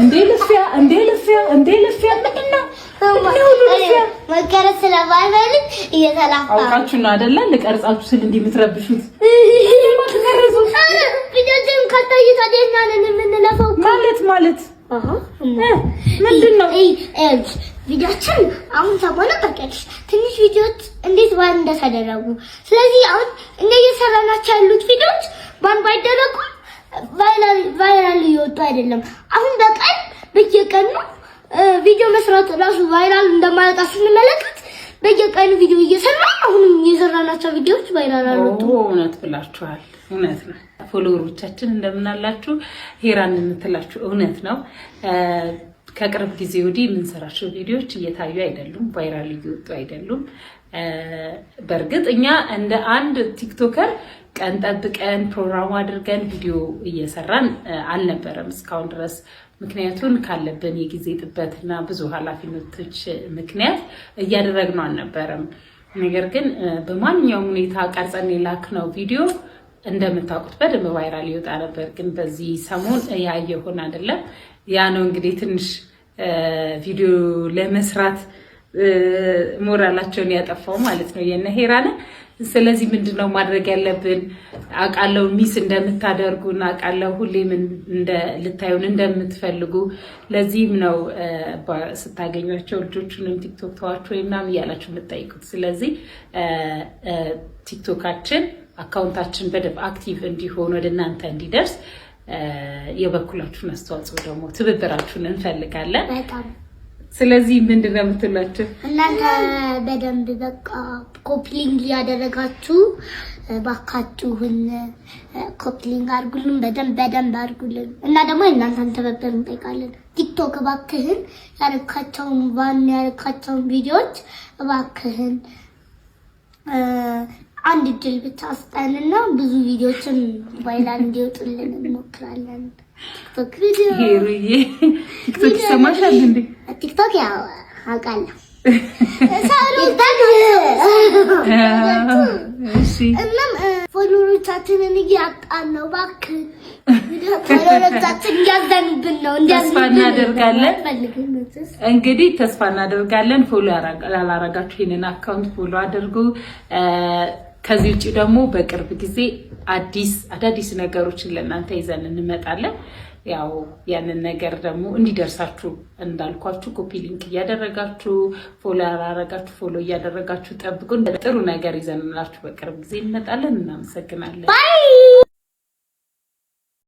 እንዴ ልፊያ እንዴ ልፊያ እንዴ ልፊያ ምንድን ነው? መቀረጽ ስለማልፈልግ እየተላፋ አውቃችሁ ነው አይደለ? ልቀርጻችሁ ስል እንዲህ የምትረብሹት ማለት ማለት ምንድን ነው ቪዲዮችን አሁን ሰሞኑን በቀልሽ ትንሽ ቪዲዮች እንዴት ባን እንደተደረጉ ስለዚህ አሁን እንደ እየሰራናቸው ያሉት ቪዲዮች ባን ባይደረጉ ቫይራል እየወጡ አይደለም አሁን በየቀኑ ቪዲዮ መስራት ራሱ ቫይራል እንደማይወጣ ስንመለከት በየቀኑ ቪዲዮ እየሰራ አሁንም የሰራናቸው ቪዲዮዎች ቫይራል አልወጡም። እውነት ብላችኋል። እውነት ነው። ፎሎወሮቻችን እንደምናላችሁ ሄራን የምትላችሁ እውነት ነው። ከቅርብ ጊዜ ወዲህ የምንሰራቸው ቪዲዮዎች እየታዩ አይደሉም፣ ቫይራል እየወጡ አይደሉም። በእርግጥ እኛ እንደ አንድ ቲክቶከር ቀን ጠብቀን ፕሮግራሙ አድርገን ቪዲዮ እየሰራን አልነበረም እስካሁን ድረስ። ምክንያቱን ካለብን የጊዜ ጥበት እና ብዙ ኃላፊነቶች ምክንያት እያደረግነው አልነበረም። ነገር ግን በማንኛውም ሁኔታ ቀርጸን የላክ ነው ቪዲዮ እንደምታውቁት በደንብ ቫይራል ይወጣ ነበር። ግን በዚህ ሰሞን ያየሆን አይደለም። ያ ነው እንግዲህ ትንሽ ቪዲዮ ለመስራት ሞራላቸውን ያጠፋው ማለት ነው የነ ሄራንን ስለዚህ ምንድን ነው ማድረግ ያለብን? አውቃለሁ ሚስ እንደምታደርጉን አውቃለሁ፣ ሁሌም ልታዩን እንደምትፈልጉ። ለዚህም ነው ስታገኟቸው ልጆቹንም ቲክቶክ ተዋችሁ ወይ ምናምን እያላችሁ የምትጠይቁት። ስለዚህ ቲክቶካችን አካውንታችን በደንብ አክቲቭ እንዲሆን ወደ እናንተ እንዲደርስ የበኩላችሁን አስተዋጽኦ ደግሞ ትብብራችሁን እንፈልጋለን። ስለዚህ ምንድን ነው የምትላቸው? እናንተ በደንብ በቃ ኮፕሊንግ እያደረጋችሁ ባካችሁን ኮፕሊንግ አድርጉልን፣ በደንብ በደንብ አድርጉልን እና ደግሞ እናንተን ትብብር እንጠይቃለን። ቲክቶክ እባክህን ያረካቸውን ባን ያረካቸውን ቪዲዮዎች እባክህን አንድ እድል ብቻ አስጠንና ብዙ ቪዲዮዎችን ቫይራል እንዲወጡልን እንሞክራለን። ቲክቶክ ቪዲዮ ቲክቶክ ይሰማሻል እንዴ? ቲክቶክ ያው አውቃለሁ። እናም ፎሎሮቻችንን እያጣን ነው። እባክህ ፎሎሮቻችን እያዘኑብን ነው። ተስፋ እናደርጋለን እንግዲህ ተስፋ እናደርጋለን። ፎሎ ያላረጋችሁ ይህንን አካውንት ፎሎ አድርጉ። ከዚህ ውጭ ደግሞ በቅርብ ጊዜ አዲስ አዳዲስ ነገሮችን ለእናንተ ይዘን እንመጣለን። ያው ያንን ነገር ደግሞ እንዲደርሳችሁ እንዳልኳችሁ ኮፒ ሊንክ እያደረጋችሁ ፎሎ ያላረጋችሁ ፎሎ እያደረጋችሁ ጠብቁን። ጥሩ ነገር ይዘንላችሁ በቅርብ ጊዜ እንመጣለን። እናመሰግናለን።